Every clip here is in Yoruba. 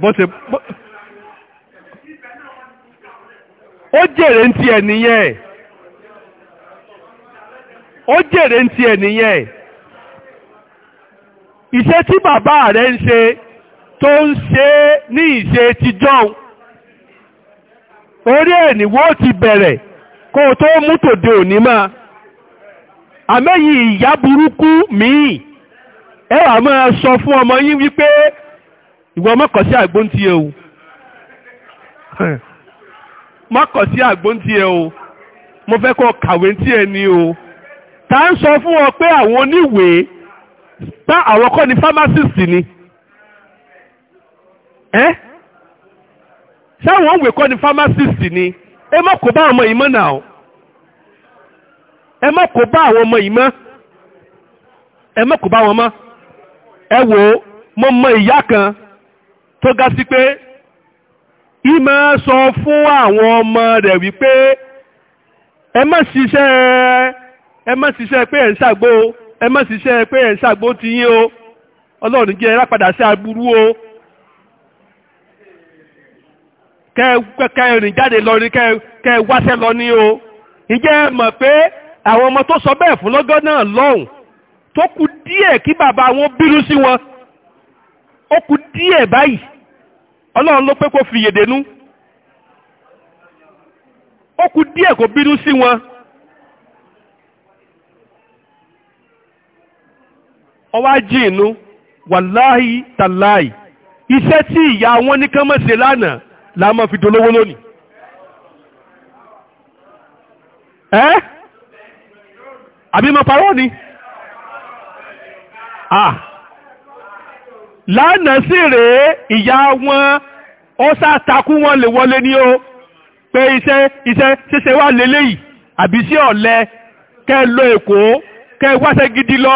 bó ṣe ó jèrè ń tiẹ̀ nìyẹn ó jèrè ń tiẹ̀ nìyẹn ìṣe tí bàbá rẹ̀ ń ṣe tó ń ṣe ní ìṣe ti bẹ̀rẹ̀ kó o tó mú tòde òní máa àmẹ́yìn ìyá burúkú míì ẹ máa sọ fún ọmọ yín wípé ìwọ mọ́kọ̀ sí àgbóǹtì ẹ o mọ́kọ̀ sí àgbóǹtì ẹ o mo fẹ́ kọ́ kàwé ntí ẹ ni o ta ń sọ fún ọ pé àwọn oníwèé tá àwọn kọ́ ni pharmacist ni Ẹ ṣé àwọn òwe kọ́ ni pharmacist ni ẹ má kó bá ọmọ yìí mọ́ náà ẹ má kó bá àwọn ọmọ yìí mọ́ ẹ má kó bá wọn mọ́ ẹ wò ó mo mọ ìyá kan tó ga sí pé ìmọ̀ sọ fún àwọn ọmọ rẹ̀ wípé ẹ má ṣiṣẹ́ ẹ má ṣiṣẹ́ pé ẹ̀ ń ṣàgbó ẹ má ṣiṣẹ́ pé ẹ̀ ń ṣàgbó ti yín o ọlọ́run jẹ́ rápadà sí aburú o kẹrin jáde lọ ní kẹ wáṣẹ́ lọ ní o ǹjẹ́ mọ̀ pé àwọn ọmọ tó sọ bẹ́ẹ̀ fún lọ́gán náà lọ́hùn tó kù díẹ̀ kí bàbá wọn bínú sí wọn ó kù díẹ̀ báyìí ọlọ́run ló pé kó fi yèdènú ó kù díẹ̀ kó bínú sí wọn ọwọ́ ajé inú wàláhì tàláì iṣẹ́ tí ìyá wọn ní kán mọ̀ ṣe lánàá la máa fi dolówó lónìí. ẹ́ àbí mo parọ́ ni. ah lánàá sì rèé ìyá wọn ó sátakú wọn lè wọlé ní o pé iṣẹ́ iṣẹ́ ṣíṣe wà lélẹ́yìí àbí sí ọ̀lẹ kẹ́ lọ èkó kẹ́ wáṣẹ́ gidi lọ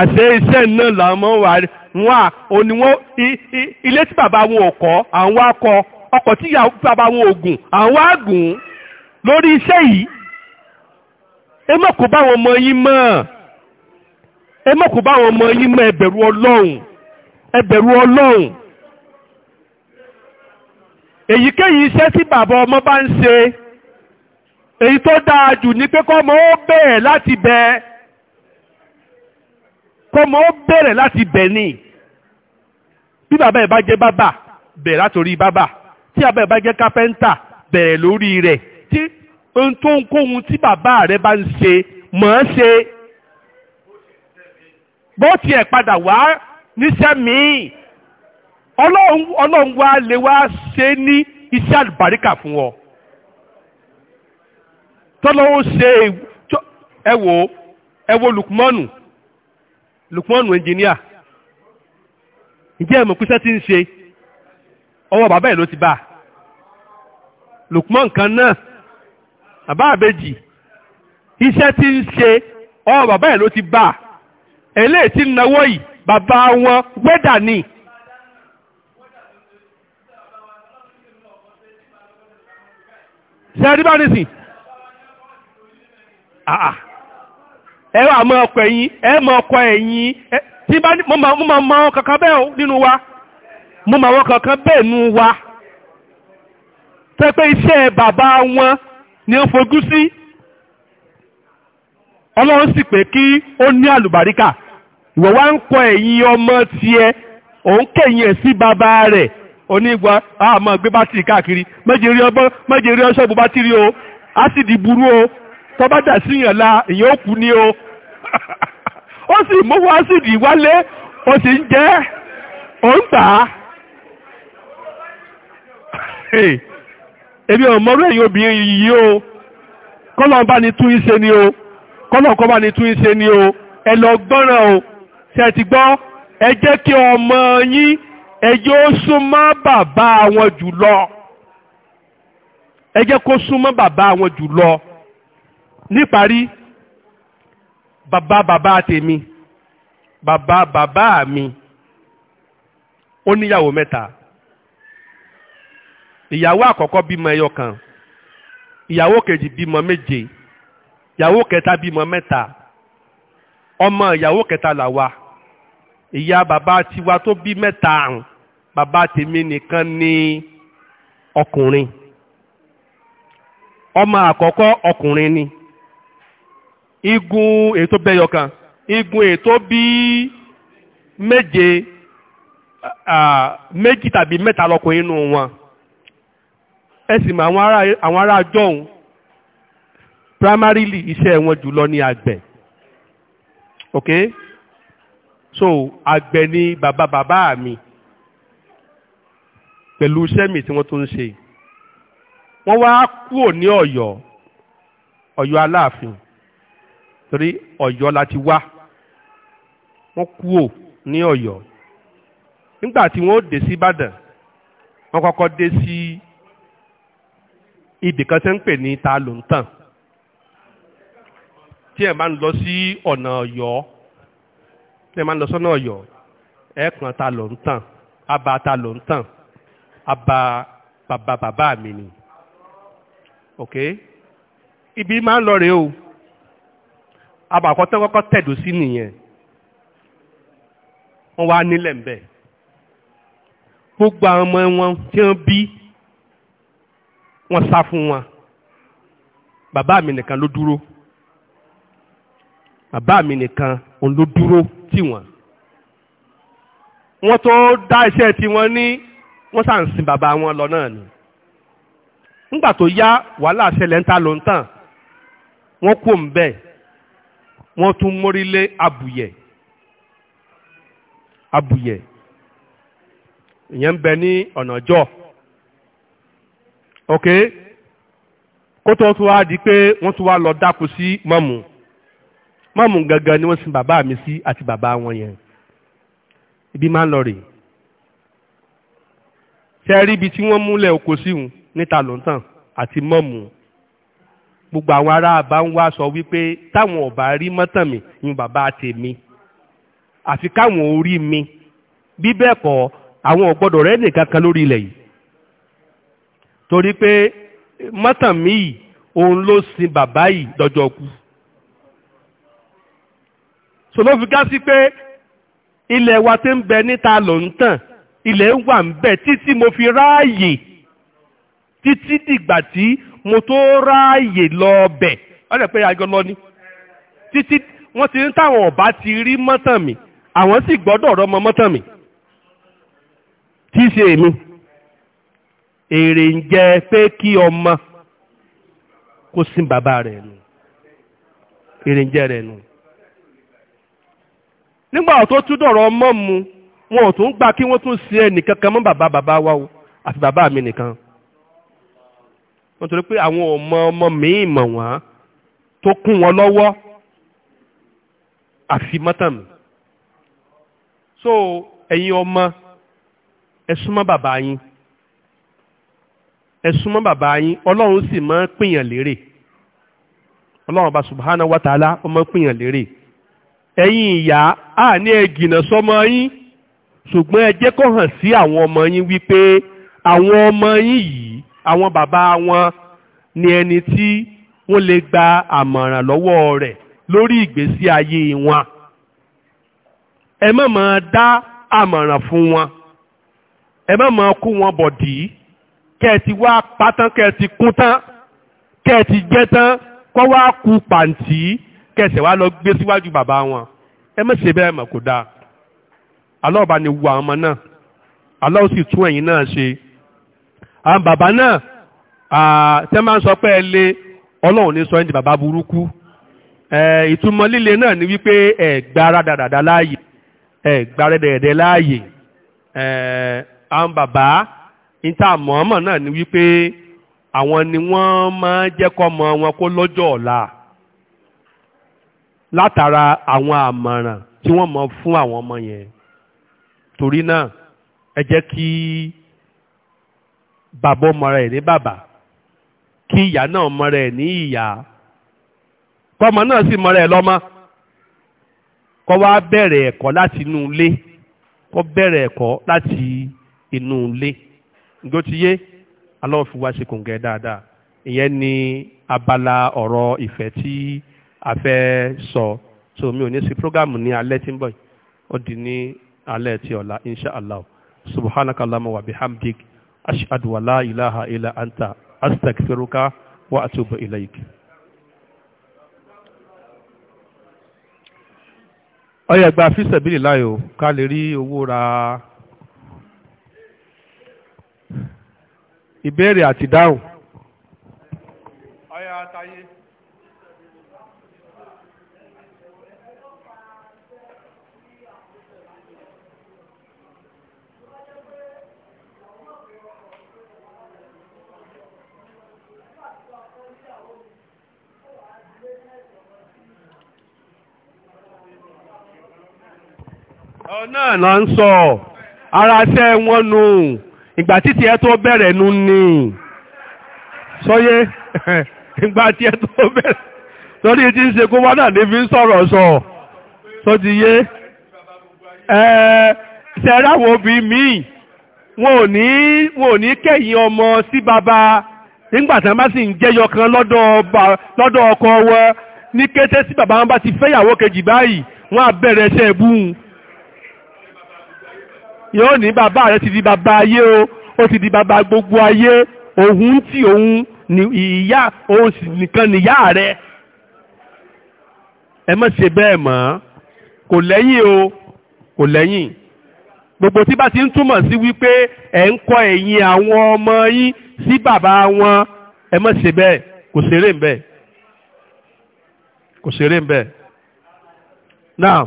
àṣẹ iṣẹ́ náà làwọn wà wọn à òní wọn ilé tí bàbá wọn ò kọ́ àwọn akọ ọkọ̀ tí bàbá wọn ò gùn àwọn àgùn lórí iṣẹ́ yìí ẹ mọ̀ kó báwọn ọmọ yín mọ̀ ẹ má kó bá àwọn ọmọ yín mọ́ ẹ bẹ̀rù ọlọ́run ẹ bẹ̀rù ọlọ́run èyíkéyìí iṣẹ́ tí bàbá ọmọ bá ń ṣe èyí tó dáa jù ní pé kọ́mọ ó bẹ̀rẹ̀ láti bẹ̀ kọ́mọ ó bẹ̀rẹ̀ láti bẹ̀ ni bí bàbá ẹ̀ bá jẹ́ bàbá bẹ̀rẹ̀ látòrí bàbá tí bàbá ẹ̀ bá jẹ́ kápẹ́ńtà bẹ̀rẹ̀ lórí rẹ̀ tí ohun tó ń kóhun tí bàbá rẹ̀ bá ń ṣe mọ̀ ọ́n ṣe bó tiẹ̀ padà wá níṣẹ́ míì ọlọ́run ọlọ́run wá lè wá ṣe ní iṣẹ́ àlùbáríkà fún ọ tọ́lọ́wọ́ ṣe ẹ wò ẹ wò Lukmanu Lukmanu ẹnjìníà ǹjẹ́ ẹ mọ̀ pé iṣẹ́ ti ń ṣe ọwọ́ bàbá ẹ̀ ló ti bá a Lukman kan náà bàbá àbẹ́jì iṣẹ́ ti ń ṣe ọwọ́ bàbá ẹ̀ ló ti bá a eléyìí tí ń náwó yìí bàbá wọn wẹ́dà ni. ṣe rí bá ní sìn ẹ wà mọ ọkọ ẹ̀yìn ẹ mọ ọkọ ẹ̀yìn tí bá ní mo máa mọ kankan bẹ́ẹ̀ nínú wa mo máa kankan bẹ́ẹ̀ nínú wa tẹ́ iṣẹ́ bàbá wọn ni ó fojú sí ọlọ́run sì pé kí ó ní àlùbáríkà ìwọ wá ń kọ ẹ̀yìn ọmọ tiẹ̀ òun kẹ̀yìn ẹ̀ sí bàbá rẹ̀ onígbà àmọ́ gbé bátìrì káàkiri méjèèrè ọgbọ́n méjèèrè ọṣọ́ọ̀bù bátìrì o ásìdì burú o tọ́ba dà sí yàn la ìyẹn ó kú ni o ó sì mú ásìdì wálé ó sì ń jẹ́ ó ń gbà á èmi ò mọ́rú ẹ̀yin obìnrin yìí o kọ́lọ̀ bá ní tún iṣẹ́ ni o kọ́lọ̀ kọ́ bá ní tún iṣẹ́ ni o ẹ lọ gbọ́ràn o ṣe ti gbọ́ ẹ jẹ́ kí ọmọ yín ẹ yóò súnmọ́ bàbá wọn jùlọ ẹ jẹ́ kó súnmọ́ bàbá wọn jùlọ níparí bàbá bàbá tèmi bàbá bàbá mi ó níyàwó mẹ́ta ìyàwó àkọ́kọ́ bímọ ẹyọ kan ìyàwó kejì bímọ méje ìyàwó kẹta bímọ mẹ́ta ọmọ ìyàwó kẹta làwa ìyá bàbá tiwa tó bí mẹ́ta àrùn bàbá tèmi nìkan ni ọkùnrin ọmọ àkọ́kọ́ ọkùnrin ni igun ètò bẹ́yọ kan igun ètò bí méje méjì tàbí mẹ́ta lọkùnrin nù wọn ẹ sì àwọn ará jọ̀hún primarily iṣẹ́ wọn jùlọ ní àgbẹ̀ okay so àgbẹ̀ ni Baba bàbá mi pẹ̀lú iṣẹ́ mi tí wọ́n tó ń ṣe wọ́n wá kúrò ní ọ̀yọ́ ọ̀yọ́ aláàfin torí ọ̀yọ́ la ti wá wọ́n kúrò ní ọ̀yọ́ nígbà tí wọ́n dé sí ìbàdàn wọ́n kọ́kọ́ dé sí ibì kan tí ń pè ní ta ló ń tàn tí ẹ̀ máa ń lọ sí ọ̀nà ọ̀yọ́ tẹ́ máa ń lọ sọ́nà ọ̀yọ́ ẹ̀ẹ̀kan ta ló ń tàn abà ta ló ń tàn abà bàbá bàbá mi ni ok ibi máa ń lọ rèé o abà àkọ́tán kọ́kọ́ tẹ̀dó sí nìyẹn wọ́n wá nílẹ̀ ńbẹ̀ gbogbo àwọn ọmọ wọn tí wọ́n bí wọ́n sá fún wọn bàbá mi nìkan ló dúró bàbá mi nìkan ló dúró tì wọ́n wọ́n tó dá iṣẹ́ tí wọ́n ní wọ́n sá ń sin bàbá wọn lọ náà ni nígbà tó yá wàhálà ṣẹlẹ̀ ń ta ló ń tàn wọ́n kò ń bẹ̀ tún mórí lé abùyẹ̀ abùyẹ̀ ìyẹn ń bẹ ní ọ̀nà jọ́ ok kó tó tún wá di pé wọ́n tún wá lọ dákú sí mọ́mù mọ́mù gangan ni wọ́n sin bàbá mi sí àti bàbá wọn yẹn ibi máa ń lọ rèé ṣe rí ibi tí wọ́n múlẹ̀ oko síhun níta lọ́ntàn àti mọ́mù gbogbo àwọn ará àbá ń wá sọ wípé táwọn ọ̀bá rí mọ́tànmí yún bàbá tèmi àfi káwọn orí mi bí bẹ́ẹ̀ kọ́ àwọn ọ̀gbọ́dọ̀ rẹ̀ nìkan kan lórí ilẹ̀ yìí torí pé mọ́tànmí yìí òun ló sin bàbá yìí dọjọ́ kú so ló fi gá sí pé ilẹ̀ wa ti ń bẹ níta ló ń tàn ilẹ̀ ń wà ń bẹ títí mo fi ráàyè títí dìgbà tí mo tó ráàyè lọ bẹ̀ ọ̀rẹ́ pé àjọ lọ ni títí wọ́n ti ń táwọn ọ̀bá ti rí mọ́tàn mi àwọn sì gbọ́dọ̀ rọmọ mọ́tàn mi tí ṣe èmi èrè ń jẹ pé kí ọmọ kó sin bàbá rẹ̀ nù èrè ń jẹ rẹ̀ nù nígbà tó tún dọ̀rọ̀ mọ́ mu wọn ò tún gba kí wọ́n tún sí ẹnìkan kan mọ́ bàbá bàbá wa o àti bàbá mi nìkan wọ́n torí pé àwọn ọmọ ọmọ míì mọ̀ wọ́n tó kún wọn lọ́wọ́ àfi mọ́tàmù so ẹ̀yin ọmọ ẹ súnmọ́ bàbá yín ẹ súnmọ́ bàbá yín ọlọ́run sì máa ń pìyàn lérè ọlọ́run ọba subhanahu wa ta'ala ó pìyàn lérè ẹ̀yin ìyá a ní ẹ jìnnà sọmọ yín ṣùgbọ́n ẹ jẹ́ kó hàn sí àwọn ọmọ yín wípé àwọn ọmọ yín yìí àwọn bàbá wọn ni ẹni tí wọ́n lè gba àmọ̀ràn lọ́wọ́ rẹ̀ lórí ìgbésí ayé wọn ẹ má máa dá àmọ̀ràn fún wọn ẹ má máa kó wọn bọ̀dì kẹ́ ẹ ti wá pátán kẹ́ ẹ ti kún tán kẹ́ ẹ ti jẹ́ tán kọ́ wá ku pàǹtí kẹsẹ̀ wá lọ gbé síwájú bàbá wọn ẹ má bẹ́ẹ̀ mọ̀ kó dáa Allah ni wo àwọn ọmọ náà Allah sì tún ẹ̀yin náà ṣe àwọn bàbá náà tẹ́ máa ń sọ pé ẹ lé ọlọ́run ní sọ ẹni bàbá burúkú ìtumọ̀ líle náà ni wípé ẹ gbára dàdàdà láàyè ẹ gbára dẹ̀dẹ̀ láàyè àwọn bàbá níta mọ̀ọ́mọ̀ náà ni wípé àwọn ni wọ́n máa jẹ́kọ́ mọ wọn kó lọ́jọ́ ọ̀la. látara àwọn àmọ̀ràn tí wọ́n mọ fún àwọn ọmọ yẹn torí náà ẹ jẹ́ kí bàbá ọmọ rẹ̀ ní bàbá kí ìyá náà mọ rẹ̀ ní ìyá kọ́mọ náà sì mọ rẹ̀ lọ́mọ kọ́ wá bẹ̀rẹ̀ ẹ̀kọ́ láti inú ilé kọ́ bẹ̀rẹ̀ ẹ̀kọ́ láti inú ilé nígbó ti yé aláwọ̀ fi wá ṣe kòǹgẹ́ dáadáa ìyẹn ni abala ọ̀rọ̀ ìfẹ́ tí. a fẹ́ sọ so mi ò ní sí prógámù ní alẹ́ tí ń bọ̀ ó di ní alẹ́ tí ọ̀la insha allah subhanakallahumma wa bihamdik ashadu wa la ilaha illa anta astaghfiruka wa atubu ilaik. ọyọ ẹgbà fíṣẹ̀bílì láyò ká lè rí owó ra ìbéèrè àti dáhùn. ọyọ àtàyè. náà na ń sọ ara ṣẹ́ wọn nù ìgbà títí ẹ tó bẹ̀rẹ̀ nù ni eto ìgbà tí ẹ tó bẹ̀rẹ̀ gomana tí ń kó fi ń sọ̀rọ̀ sọ sẹ́ráwò bí míì wọn ò ní wọn ò ní kẹ̀yìn ọmọ sí baba. nígbà tí wọ́n bá sì ń jẹyọ kan lọ́dọ̀ ọkọ wọn ní kété sí bàbá wọn bá ti fẹ́yàwó kejì báyìí wọ́n á bẹ̀rẹ̀ iṣẹ́ ẹ̀bùn yóò ní bàbá rẹ̀ ti di baba ayé o ó ti di baba gbogbo ayé òun tí òun ni ìyá òun sì nìkan nìyá rẹ̀ ẹ má ṣe bẹ́ẹ̀ mọ́ kò lẹ́yìn o kò lẹ́yìn gbogbo tí bá ti ń túmọ̀ sí wípé ẹ̀ ń kọ ẹ̀yìn àwọn ọmọ yín sí bàbá wọn ẹ má ṣe bẹ́ẹ̀ kò ṣeré ń bẹ́ẹ̀ kò ṣeré ń bẹ́ẹ̀ náà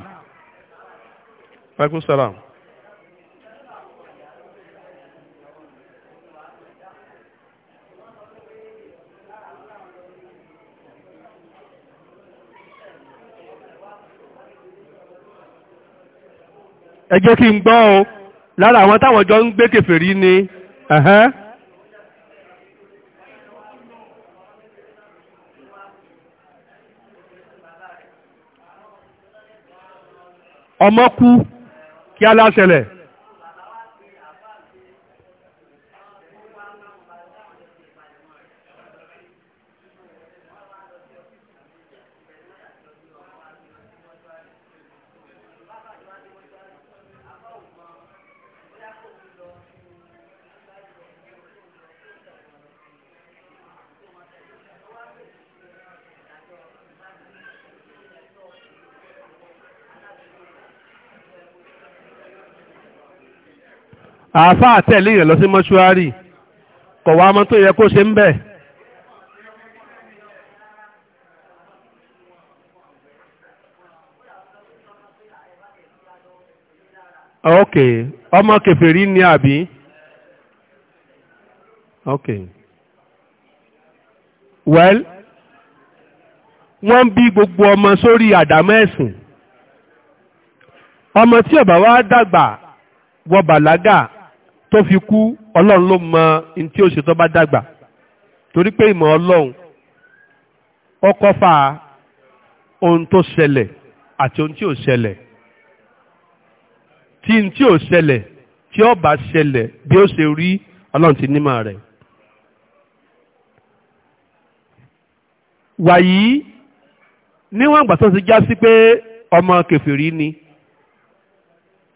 ẹ jẹ́ kí n gbọ́ o lára àwọn táwọn jọ ń gbé kèfèrí ni ọmọ kú kí aláṣẹlẹ̀ àáfàá tẹ̀lé yẹn lọ sí mọ́ṣúárì kọ̀ wá mọ́ tó yẹ kó ṣe ń bẹ̀. ok ọmọ kèfèrí ni àbí ok well wọ́n ń bí gbogbo ọmọ sórí àdámọ́ ẹ̀sìn ọmọ tí ó bá dàgbà wọ bàlágà tó fi kú ọlọ́run ló mọ ní tí ó ṣe tó bá dàgbà torí pé ìmọ̀ ọlọ́run ó kọ́fà ohun tó ṣẹlẹ̀ àti ohun tí ò ṣẹlẹ̀ tí n tí ò ṣẹlẹ̀ tí ó ṣẹlẹ̀ bí ó ṣe rí ọlọ́run ti nímọ̀ rẹ̀. wàyí níwọ̀n àgbà tó ti já sí pé ọmọ kẹfìrí ni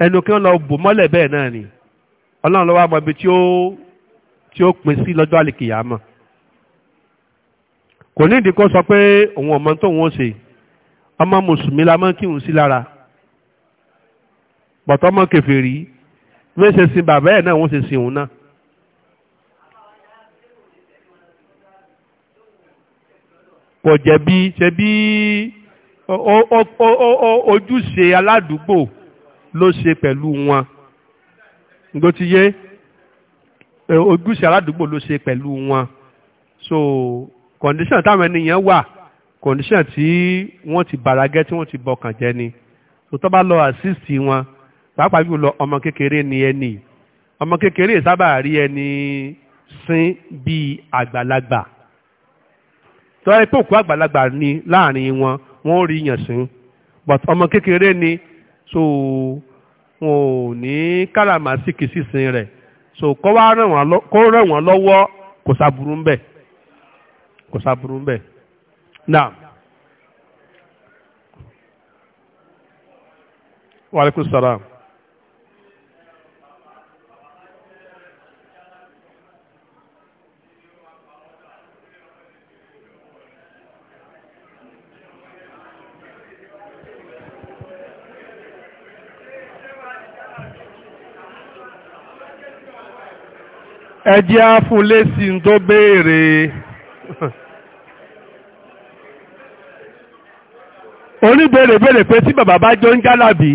ẹnu kí wọ́n lọ bò mọ́lẹ̀ bẹ́ẹ̀ náà ni. ọlọ́run ló wá mọ ibi tí ó tí ó pín sí lọ́jọ́ àlìkìyàmọ̀ kò ní ìdí kó sọ pé òun ọmọ tóun ó ṣe ọmọ mùsùlùmí la máa ń kírun sí lára bọ̀tọ́ ọmọ kèfèrí wọ́n ṣe sin bàbá ẹ̀ náà wọ́n ṣe sin òun náà. kò jẹ̀bi ṣe bí ojúṣe aládùúgbò ló ṣe pẹ̀lú wọn nígbó ti yé ojúṣe aládùúgbò ló ṣe pẹ̀lú wọn so condition táwọn ènìyàn wà condition tí wọ́n ti bàràgẹ́ tí wọ́n ti bọkàn jẹ́ ni so tó bá lọ assist wọn pàápàá bí lọ ọmọ kékeré ni ẹni ọmọ kékeré sábà rí ẹni sín bíi àgbàlagbà tó ẹ pé òkú àgbàlagbà ni láàrin wọn wọn ò rí yàn sín but ọmọ kékeré ni so wọn ò ní káràmásìkì sísìn rẹ̀ so kó wá ràn wọ́n lọ́wọ́ kò sáburú ń bẹ̀ kò sáburú ń bẹ̀ náà. Wa alaikum salaam. ẹjẹ́ á fún lésì tó béèrè oníbèrè béèrè pé tí bàbá bá jó ń jálàbí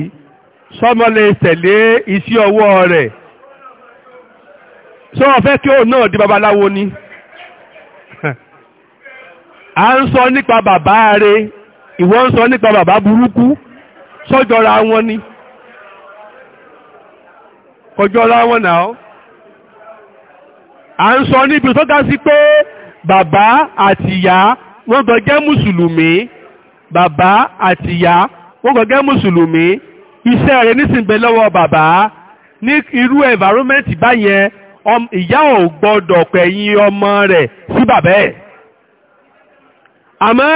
sọmọ lè tẹ̀lé iṣẹ́ ọwọ́ rẹ̀ ṣé wọ́n fẹ́ kí òun náà di babaláwo ni à ń sọ nípa bàbá rẹ̀ ìwọ ń sọ nípa bàbá burúkú sọ́jọ́ra wọn ni kọjọ́ra wọn náà à ń sọ níbi tó ga sí pé bàbá àtìyá wọ́n gbọ́ jẹ́ mùsùlùmí bàbá àtìyá wọ́n gbọ́ jẹ́ mùsùlùmí iṣẹ́ rẹ̀ nísìnyí lọ́wọ́ bàbá ní irú environment báyẹn ìyá ò gbọ́dọ̀ pẹ̀yìn ọmọ rẹ̀ sí bàbá ẹ̀ àmọ́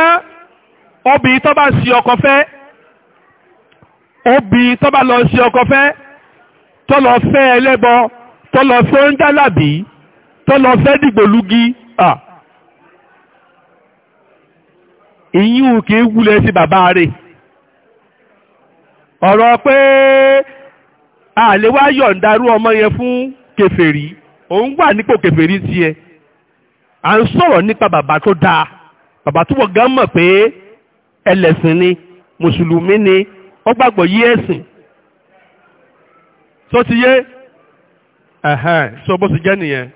obìnrin tó bá sí ọkọ fẹ́ obìnrin tó bá lọ sí ọkọ fẹ́ tó lọ fẹ́ ẹlẹ́bọ tó lọ fẹ́ ń dálàbí tọ́lọ fẹ́ dìgbòlugi ìyún kì í wulẹ̀ sí bàbá rẹ̀ ọ̀rọ̀ pé àlewá yọ̀ǹdarú ọmọ yẹn fún kèfèrí òun wà nípò kèfèrí tiẹ̀ à ń sọ̀rọ̀ nípa bàbá tó dáa bàbá tó wọ̀ gán mọ̀ pé ẹlẹ́sìn ni mùsùlùmí ni ó gbàgbọ́ yí ẹ̀sìn tó ti yé ẹ̀hẹ́n bó ti jẹ́ nìyẹn.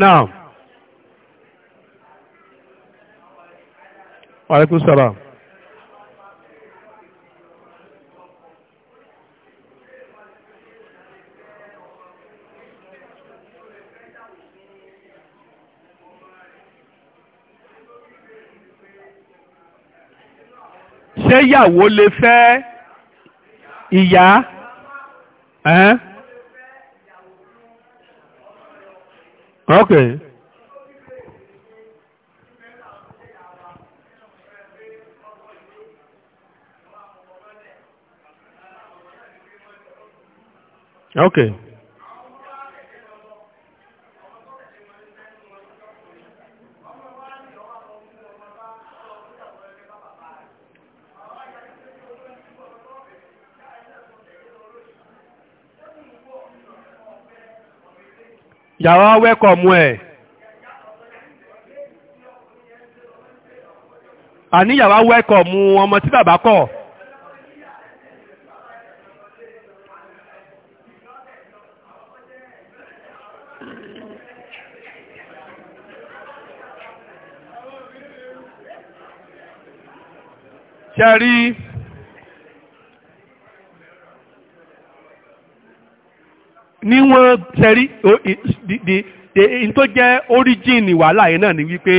náà wàlékún السلام. ṣé ìyàwó lè fẹ́ ìyá? Eh? ok. ok yàrá wẹ́kọ̀mù ẹ̀ àní yàrá wẹ́kọ̀mù ọmọ tí bàbá kọ̀ ṣe rí níwọ̀n sẹ́rí n tó jẹ́ oríjìnì wàhálà yìí náà ni wípé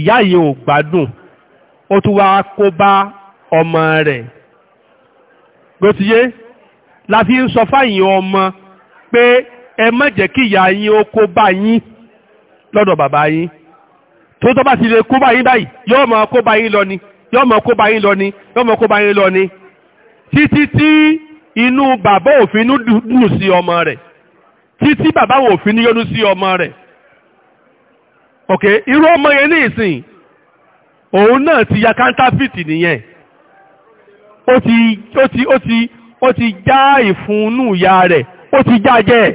ìyá yìí ò gbádùn ó tún wá kó bá ọmọ rẹ̀ gbòtíyé la fi ń sọ fáyìn ọmọ pé ẹ má jẹ́ kí ìyá yín ó kó bá yín lọ́dọ̀ bàbá yín tó tọ́ bá ti lè kó bá yín báyìí yóò máa kó bá yín lọ ni yóò máa kó bá yín lọ ni yóò máa kó bá yín lọ ni títí tí inú bàbá òfin dùn sí ọmọ rẹ̀ títí bàbá òfin ní yọnu sí ọmọ rẹ̀ ok irú ọmọ yẹn ní ìsìn òun náà ti ya counterfeit nìyẹn ó ti ó ti ó ti ó ti já ìfúnnú ìyá rẹ̀ ó ti já jẹ́ ẹ̀.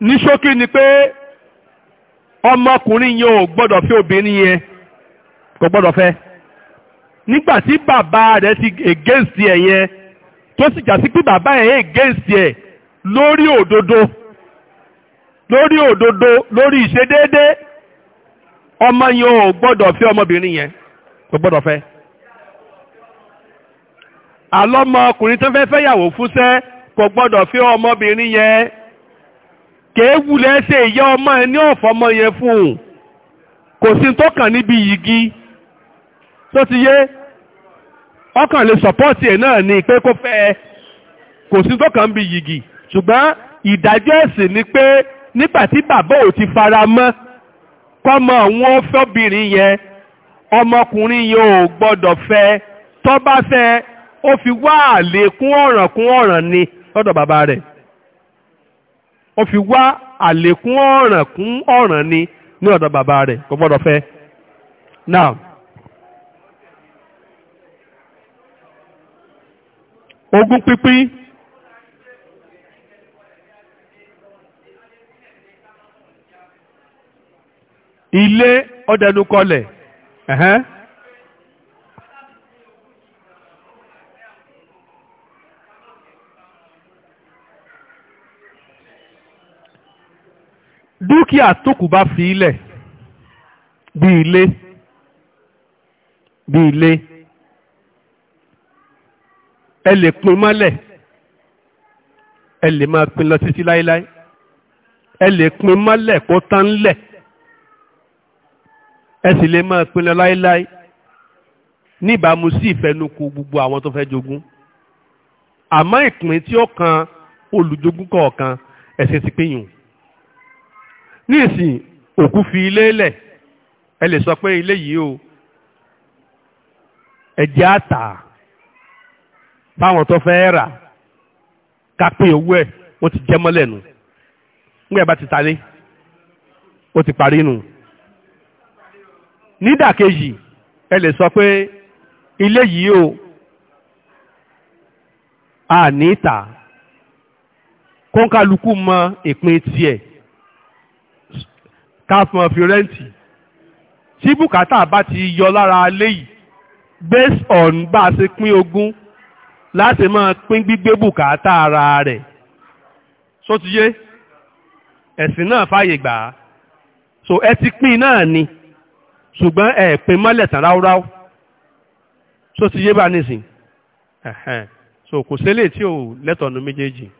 ní ṣókí ni pé ọmọkùnrin yẹn ò gbọ́dọ̀ fẹ́ obìnrin yẹn kò gbọ́dọ̀ fẹ́ nígbà tí bàbá rẹ̀ ti against ẹ̀ yẹn tó sì jà sí pé bàbá ẹ̀ against ẹ̀ lórí òdodo lórí òdodo lórí ìṣedéédé ọmọ yẹn ò gbọ́dọ̀ fẹ́ ọmọbìnrin yẹn kò gbọ́dọ̀ fẹ́ àlọ́mọ ọkùnrin tó fẹ́ fẹ́yàwó fúnṣẹ́ kò gbọ́dọ̀ fẹ́ ọmọbìnrin yẹn kéwulẹ̀ ṣe ìyá ọmọ ẹ ní ọ̀fọ́mọ yẹn fún un kò sí tó kàn níbi yìí gí tó ti yé ọkàn lè sọ̀pọ́ọ̀tì ẹ̀ náà ni pé kó fẹ́ kò sí tó kàn ń bi yìgì ṣùgbọ́n ìdájọ́ ẹ̀sìn ni pé nígbà tí bàbá ò ti fara mọ́ kọ́mọ òun fẹ́bìnrin yẹn ọmọkùnrin yẹn ò gbọ́dọ̀ fẹ́ tó bá fẹ́ ó fi wá àlè kún ọ̀ràn kún ọ̀ràn ni lọ́dọ̀ bàbá rẹ̀ ó fi wá àlè kún ọ̀ràn kún ọ̀ràn ni ní ọ̀dọ̀ bàbá rẹ̀ kò gbọ́dọ̀ fẹ́ now. ogún pínpín ilé ọ̀dẹnukọlẹ̀ ẹ̀hẹ́n. dúkìá tókù bá fi ilẹ̀ bí ilé bí ilé ẹ lè pin mọ́lẹ̀ ẹ lè máa pin lọ títí láéláé ẹ lè pin mọ́lẹ̀ kó tán lẹ̀ ẹ sì lè máa pin lọ láéláé níbàámu sí ìfẹnukù gbogbo àwọn tó fẹ́ jogún àmọ́ ìpín tí ó kan olùjogún kọ̀ọ̀kan ẹ̀sìn ti pínyùn ní òkú fi ilé lẹ̀ ẹ lè sọ pé ilé yìí o ẹ̀jẹ̀ àtàá fáwọn tó fẹ́ rà ká pé owó ẹ̀ wọ́n ti jẹ́ mọ́lẹ̀ nù nígbà bá ti talé ó ti parí nù. nídàkejì ẹ lè sọ pé ilé yìí o a ní ìta kóńkálukú mọ ìpín tiẹ̀ ká mọ tí bùkátà bá ti yọ lára ilé yìí based on bá a ṣe pín ogún láti máa pín gbígbé bùkátà ara rẹ̀ só ti yé ẹ̀sìn náà fàyè gbà á so ẹ ti pín náà ni ṣùgbọ́n ẹ pín mọ́lẹ̀ tán ráúráú só ti yé bá nísìn so kò ṣẹlẹ̀ tí ò lẹ́tọ̀ọ́nù méjèèjì.